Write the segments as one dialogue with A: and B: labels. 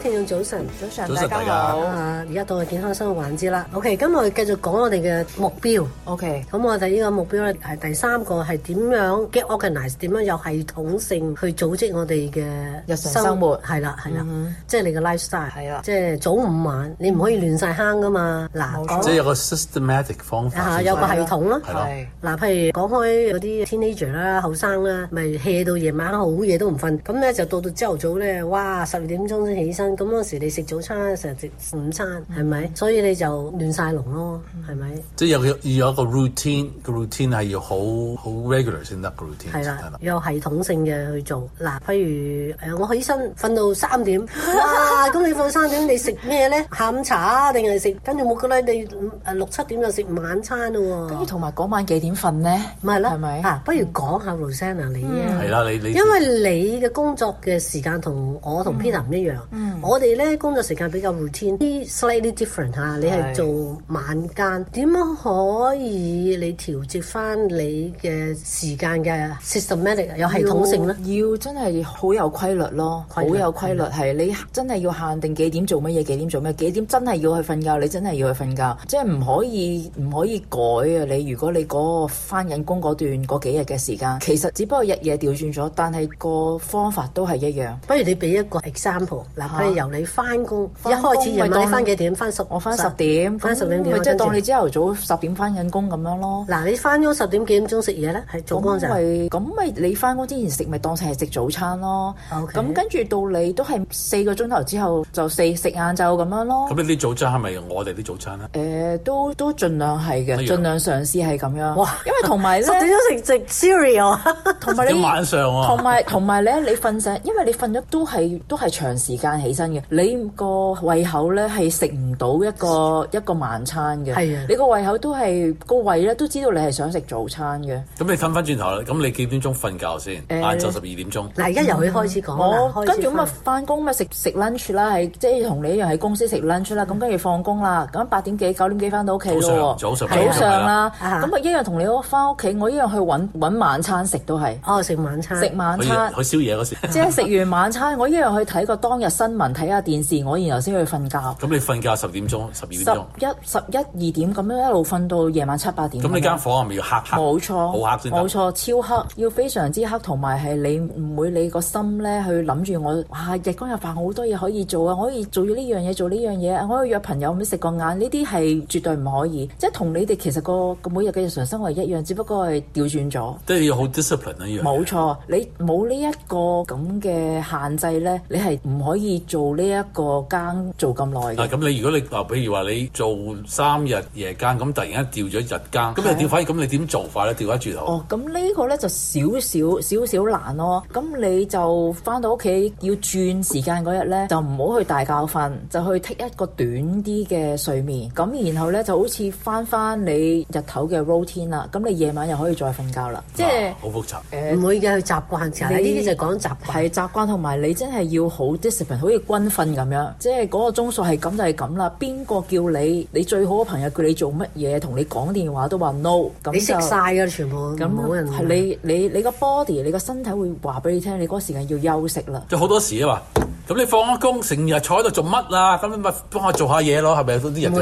A: 聽眾早晨，早晨大家好。而家到健康生活環節啦。O K，我哋繼續講我哋嘅目標。O K，咁我哋呢個目標咧係第三個，係點樣 get organized？點樣有系統性去組織我哋嘅日常生活？係啦，係啦，即係你嘅 lifestyle。係啦，即係早午晚，你唔可以亂晒坑噶嘛。嗱，即係有
B: 個 systematic 方法，吓有個系
A: 統咯，係嗱，譬如講開嗰啲 teenager 啦、後生啦，咪 hea 到夜晚好夜都唔瞓，咁咧就到到朝頭早咧，哇，十二點鐘先起身。咁嗰時你食早餐，成日食午餐，係咪？所以你就亂晒龍咯，係咪？
B: 即係有有要有個 routine，個 routine 係要好好 regular 先得。個 routine 係
A: 啦，有系統性嘅去做。嗱，譬如誒，我起身瞓到三點，咁你瞓三點，你食咩咧？下午茶定係食跟住冇㗎啦。你誒六七點就食晚餐喎。跟住同埋嗰晚幾點瞓咧？咪係咯，係咪？啊，不如講下 Rosanna 啊，你。係
B: 啦，你你因
A: 為你嘅工作嘅時間同我同 Peter 唔一樣。嗯。我哋咧工作時間比較 routine 啲，slightly different。你係做晚間，點樣是可以你調節翻你嘅時間嘅 systematic 有系統性咧？要真係好有規律咯，好律有規律係的你真
C: 係要限定幾點做乜嘢，幾點做咩，幾點真係要去瞓覺，你真係要去瞓覺，即係唔可以唔可以改啊！你如果你嗰個翻緊工嗰段嗰幾日嘅時間，其實只不過日夜調轉咗，但係個方法都係一樣。不如你俾一個 example 嗱。吧由
A: 你翻工，一開始又當翻幾點翻十，我翻十點，翻十點幾。即係當你朝頭早十點翻緊工咁樣咯。嗱，你翻工十點幾點早食嘢咧？係早工就咁咪？
C: 你翻工之前食咪當成係食早餐咯。咁跟住到你都係四個鐘頭之後就四食晏晝咁樣咯。
B: 咁你啲早餐係咪我哋啲早餐
C: 咧？誒，都都盡量係嘅，盡量嘗試係咁樣。哇！因為同埋咧，十點鐘食食 cereal，同埋你晚上喎，同埋同埋咧，你瞓醒，因為你瞓咗都係都係長時間起你個胃口咧，係食唔到一個一個晚餐嘅。係啊，你個胃口都係個胃咧，都知道你係想食早餐嘅。
B: 咁你氹翻轉頭啦，咁你幾點鐘瞓覺先？晏晝十二點鐘。嗱，
A: 而家又可以開始講啦。我
C: 跟住咁啊，翻工咪食食 lunch 啦，係即係同你一樣喺公司食 lunch 啦。咁跟住放工啦，咁八點幾九點幾翻到屋企咯。早上早上啦，咁啊，一樣同你我翻屋企，我一樣去揾晚餐食都係。哦，食晚餐食晚餐
B: 去宵夜嗰時。即係食
C: 完晚餐，我一樣去睇個當日新聞。睇下電視，我然後先去瞓覺。咁你瞓覺
B: 十點鐘、十二點鐘？十
C: 一、十一二點咁樣一路瞓到夜晚七八點。咁你間
B: 房係咪要黑黑？冇錯，冇黑先得。冇錯，
C: 超黑，嗯、要非常之黑，同埋係你唔會你個心咧去諗住我，哇！日光日飯好多嘢可以做啊，我可以做呢樣嘢，做呢樣嘢，我可以約朋友咁食個晏。呢啲係絕對唔可以，即係同你哋其實個每日嘅日常生活一樣，只不過係調轉咗。
B: 即係要好 discipline 一樣。冇
C: 錯，你冇呢一個咁嘅限制咧，你係唔可以做。做呢一個更做咁耐嘅，咁、
B: 啊、你如果你話，譬如話你做三日夜更，咁突然間掉咗日更，咁、啊、你調翻咁你點做法咧？調翻轉頭？哦，
C: 咁呢個咧就少少少少難咯。咁你就翻到屋企要轉時間嗰日咧，就唔好去大覺瞓，就去 take 一個短啲嘅睡眠。咁然後咧就好似翻翻你日頭嘅 routine 啦。咁你夜晚又可以再瞓覺啦。啊、即係好複雜，唔、欸、會嘅你，習慣㗎。呢啲就講習慣係習慣，同埋你真係要好 d i s c 軍訓咁樣，即係嗰個鐘數係咁就係咁啦。邊個叫你？你最好嘅朋友叫你做乜嘢？同你講電話都話 no。你食晒噶，全部咁冇人。係你你你個 body，你個身體會話俾你聽，你嗰個時間要休息啦。
B: 即係好多時啊嘛。咁你放咗工成日坐喺度做乜啊？咁咪幫我做下嘢咯，係咪？啲人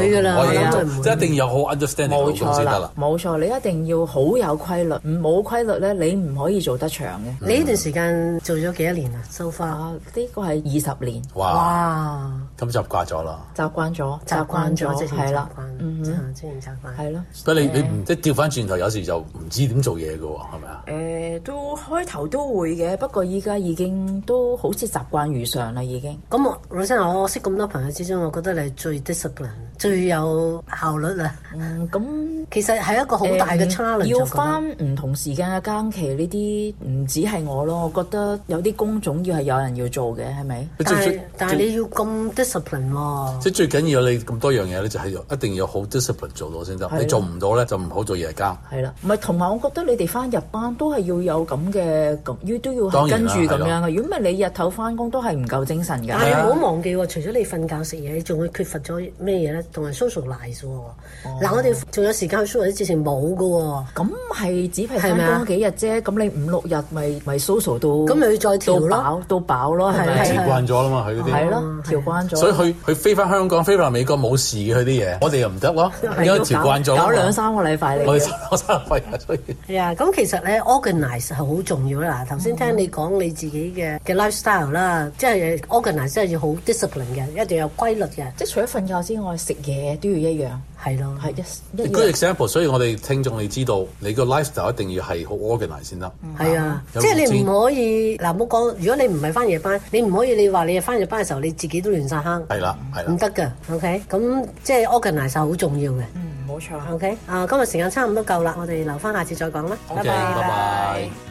B: 就唔即一定要好 understanding 去做先得啦。
C: 冇錯，你一定要好有規律，唔冇規律咧，你唔可以做得長嘅。你呢段時間做咗幾多年啊？收花呢個係二十年。哇！
B: 咁習慣咗啦。
C: 習慣咗，習慣咗，係啦，嗯，即係習慣。係咯。所以你唔
B: 即係調翻轉頭，有時就唔知點做嘢㗎喎，係咪啊？
C: 誒，都開頭都會嘅，不過依家已經都好似習慣如常。已經咁，我老實
A: 話，我識咁多朋友之中，我覺得你最 discipline、最有效率啦。咁、嗯、其實係一個好大嘅 challenge、呃。要翻唔同時間嘅更期，呢啲
C: 唔止係我咯。我覺得有啲工種要係有人要做嘅，係咪？但係但，但你要咁 discipline 囉、
B: 啊。即最緊要你咁多樣嘢咧，你就係一定要好 discipline 做到先得。的你做唔到咧，就唔好做夜更
C: 係啦，唔係同埋我覺得你哋翻日班都係要有咁嘅，
A: 咁要都要跟住咁樣嘅。如果唔係你日頭翻工都係唔夠精神㗎，但係你唔好忘記喎，除咗你瞓覺食嘢，你仲會缺乏咗咩嘢咧？同埋 socialize 喎。嗱，我哋仲有時間去 social，之前冇嘅喎。咁係只係多幾日啫，咁你五六日
C: 咪咪 social 到，咁你再調咯，到飽到飽咯，係咪？調慣咗啦嘛，佢
B: 嗰啲係咯，
A: 調慣
C: 咗。所以佢
B: 佢飛翻香港、飛翻美國冇事嘅佢啲嘢，我哋又唔得咯，因為調慣咗，有兩三個禮拜嚟嘅。我
A: 我三個禮拜出去。係啊，咁其實咧，organize 係好重要啦。嗱，頭先聽你講你自己嘅嘅 lifestyle 啦，即係。organize 真係要好 discipline 嘅，一定要有規律嘅，即係除咗瞓覺之外，食嘢都要一樣，係咯，係一。
B: Good example，所以我哋聽眾你知道，你個 life 就一定要係好 organize 先得。
A: 係啊，即係你唔可以，嗱，冇講，如果你唔係翻夜班，你唔可以，你話你係翻夜班嘅時候，你自己都亂晒坑。係啦，係啦，唔得噶。OK，咁即係 organize 就好重要嘅。嗯，冇錯。OK，啊，今日時間差唔多夠啦，我哋留翻下次再講啦。O K，拜拜。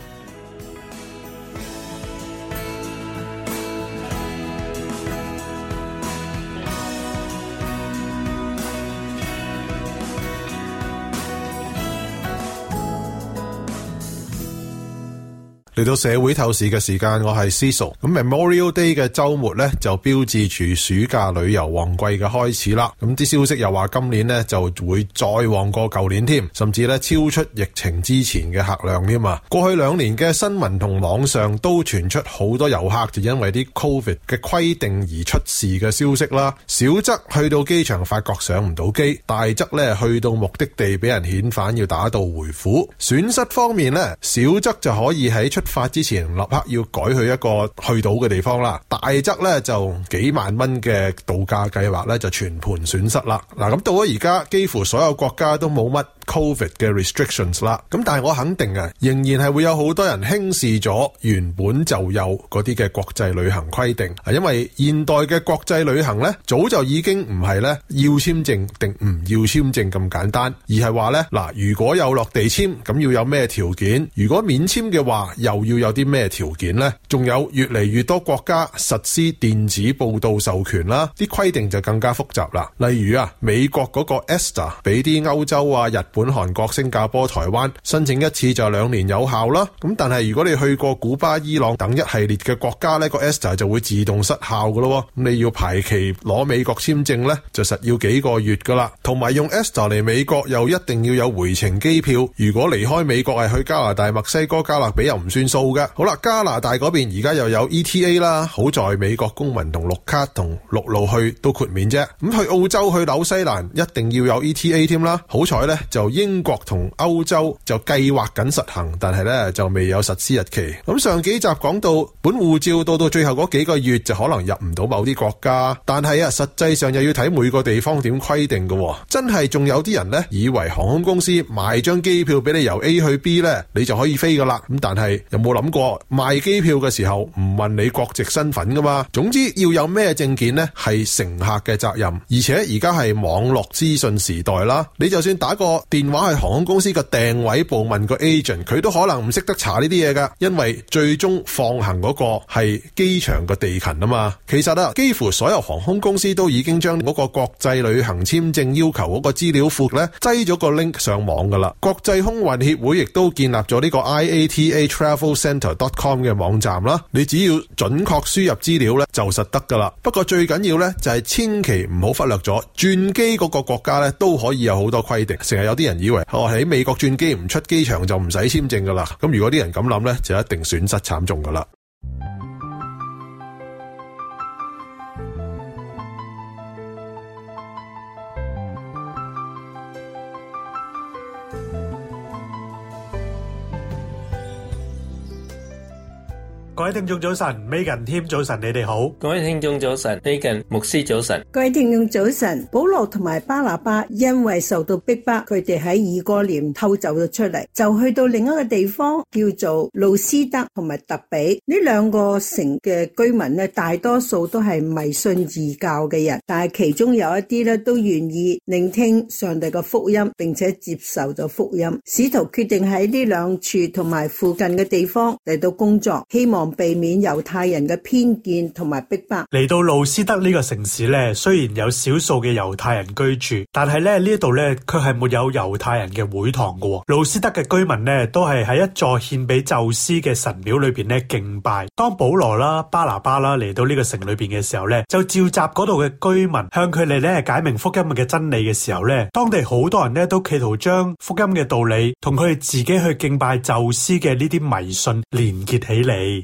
D: 嚟到社會透視嘅時間，我係 Cecil。咁 Memorial Day 嘅週末咧，就標誌住暑假旅遊旺季嘅開始啦。咁啲消息又話今年咧就會再旺過舊年添，甚至咧超出疫情之前嘅客量添啊！過去兩年嘅新聞同網上都傳出好多遊客就因為啲 COVID 嘅規定而出事嘅消息啦。小則去到機場發覺上唔到機，大則咧去到目的地俾人遣返要打道回府。損失方面咧，小則就可以喺出發之前，立刻要改去一個去到嘅地方啦。大則咧就幾萬蚊嘅度假計劃咧就全盤損失啦。嗱，咁到咗而家，幾乎所有國家都冇乜。Covid 嘅 restrictions 啦，咁但係我肯定啊，仍然係會有好多人輕視咗原本就有嗰啲嘅國際旅行規定，因為現代嘅國際旅行呢，早就已經唔係呢要簽證定唔要簽證咁簡單，而係話呢，嗱如果有落地簽，咁要有咩條件？如果免簽嘅話，又要有啲咩條件呢？仲有越嚟越多國家實施電子報道授權啦，啲規定就更加複雜啦。例如啊，美國嗰個 ESTA 俾啲歐洲啊、日本韓國、新加坡、台灣申請一次就兩年有效啦。咁但係如果你去過古巴、伊朗等一系列嘅國家呢，個 ESTA 就會自動失效噶咯。咁你要排期攞美國簽證呢,就實要幾個月噶啦。同埋用 ESTA 嚟美國又一定要有回程機票。如果離開美國係去加拿大、墨西哥、加勒比又唔算數噶。好啦，加拿大嗰邊而家又有 ETA 啦。好在美國公民同綠卡同陸路去都豁免啫。咁去澳洲去紐西蘭一定要有 ETA 添啦。好彩呢。就。英國同歐洲就計劃緊實行，但係咧就未有實施日期。咁上幾集講到本護照到到最後嗰幾個月就可能入唔到某啲國家，但係啊實際上又要睇每個地方點規定噶喎。真係仲有啲人呢，以為航空公司賣張機票俾你由 A 去 B 呢，你就可以飛噶啦。咁但係有冇諗過賣機票嘅時候唔問你國籍身份噶嘛？總之要有咩證件呢？係乘客嘅責任，而且而家係網絡資訊時代啦，你就算打個。電話係航空公司個訂位部問個 agent，佢都可能唔識得查呢啲嘢㗎，因為最終放行嗰個係機場個地勤啊嘛。其實啊，幾乎所有航空公司都已經將嗰個國際旅行簽證要求嗰個資料庫咧，擠咗個 link 上網㗎啦。國際空運協會亦都建立咗呢個 IATATravelCentre.com 嘅網站啦。你只要準確輸入資料咧，就實得㗎啦。不過最緊要咧，就係、是、千祈唔好忽略咗轉機嗰個國家咧，都可以有好多規定，成日有。啲人以為我喺、哦、美國轉機唔出機場就唔使簽證㗎啦，咁如果啲人咁諗呢，就一定損失慘重㗎啦。
E: 各位聽眾早晨，Megan，添早晨你哋好。
F: 各位聽眾早晨，Megan 牧師早晨。
G: 各位聽眾早晨，保羅同埋巴拿巴因為受到逼迫，佢哋喺以哥念偷走咗出嚟，就去到另一個地方叫做路司得同埋特比呢兩個城嘅居民咧，大多數都係迷信異教嘅人，但係其中有一啲咧都願意聆聽上帝嘅福音，並且接受咗福音。使徒決定喺呢兩處同埋附近嘅地方嚟到工作，希望。避免猶太人嘅偏見同埋逼迫，
E: 嚟到路斯德呢個城市咧。雖然有少數嘅猶太人居住，但係咧呢度咧佢係沒有猶太人嘅會堂嘅。路斯德嘅居民咧都係喺一座獻俾宙斯嘅神廟裏邊咧敬拜。當保羅啦巴拿巴啦嚟到呢個城裏邊嘅時候咧，就召集嗰度嘅居民向佢哋咧解明福音嘅真理嘅時候咧，當地好多人咧都企圖將福音嘅道理同佢哋自己去敬拜宙斯嘅呢啲迷信連結起嚟。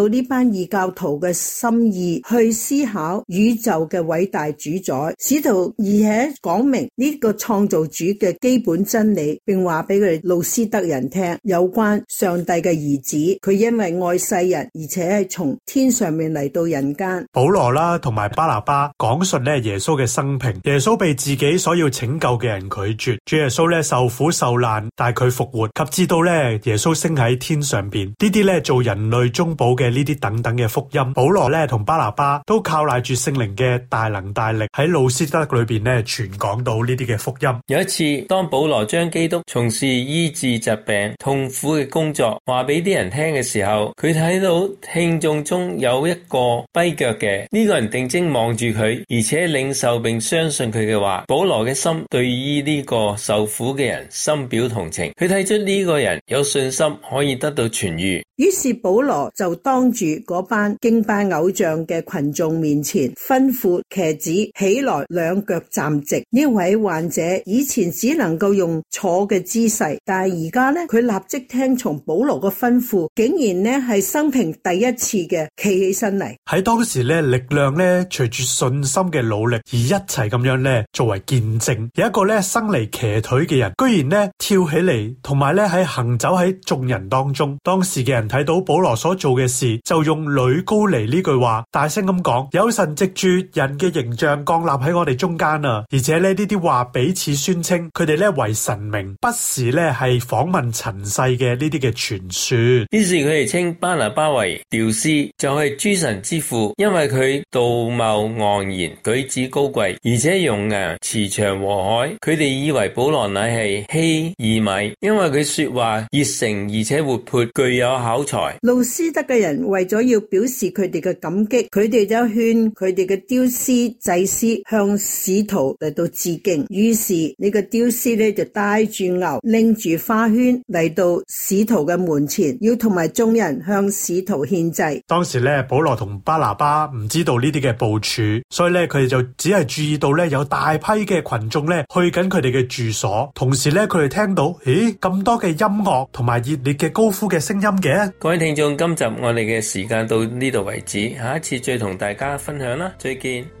G: 呢班異教徒嘅心意去思考宇宙嘅偉大主宰使徒，而且講明呢個創造主嘅基本真理，並話俾佢哋路司得人聽有關上帝嘅兒子，佢因為愛世人，而且係從天上面嚟到人間。
E: 保羅啦，同埋巴拿巴講述咧耶穌嘅生平，耶穌被自己所要拯救嘅人拒絕，主耶穌咧受苦受難，但係佢復活，及知道咧耶穌升喺天上邊，呢啲咧做人類中保嘅。呢啲等等嘅福音，保羅咧同巴拿巴都靠賴住聖靈嘅大能大力，喺路司得裏邊咧傳講到呢啲嘅福音。
F: 有一次，當保羅將基督從事醫治疾病、痛苦嘅工作話俾啲人聽嘅時候，佢睇到聽眾中有一個跛腳嘅，呢、呢個人定睛望住佢，而且領受並相信佢嘅話。保羅嘅心對於呢個受苦嘅人深表同情，佢睇出呢個人有信心可以得到痊癒，
G: 於是保羅就當。住嗰班敬拜偶像嘅群眾面前，吩咐瘸子起來，兩腳站直。呢位患者以前只能夠用坐嘅姿勢，但係而家呢，佢立即聽從保羅嘅吩咐，竟然呢係生平第一次嘅企起身嚟。
E: 喺當時呢力量呢，隨住信心嘅努力而一齊咁樣呢作為見證，有一個呢生嚟瘸腿嘅人，居然呢跳起嚟，同埋咧喺行走喺眾人當中。當時嘅人睇到保羅所做嘅事。就用呂高尼呢句話大聲咁講，有神藉著人嘅形象降立喺我哋中間啊！而且咧呢啲話彼此宣稱，佢哋咧為神明，不時咧係訪問塵世嘅呢啲嘅傳說。
F: 於是佢哋稱巴拿巴為丟斯，就係諸神之父，因為佢道貌岸然，舉止高貴，而且容顏慈祥和藹。佢哋以為保羅乃係希耳米，因為佢說話熱誠而且活潑，具有口才。
G: 路司得嘅人。為咗要表示佢哋嘅感激，佢哋就勸佢哋嘅雕師祭師向使徒嚟到致敬。於是，呢個雕師咧就帶住牛，拎住花圈嚟到使徒嘅門前，要同埋眾人向使
E: 徒獻祭。當時咧，保羅同巴拿巴唔知道呢啲嘅部署，所以咧佢哋就只係注意到咧有大批嘅群眾咧去緊佢哋嘅住所，同時咧佢哋聽到，咦咁多嘅音樂同埋熱烈嘅高呼嘅聲音嘅。
F: 各位聽眾，今集我哋嘅時間到呢度為止，下一次再同大家分享啦，再見。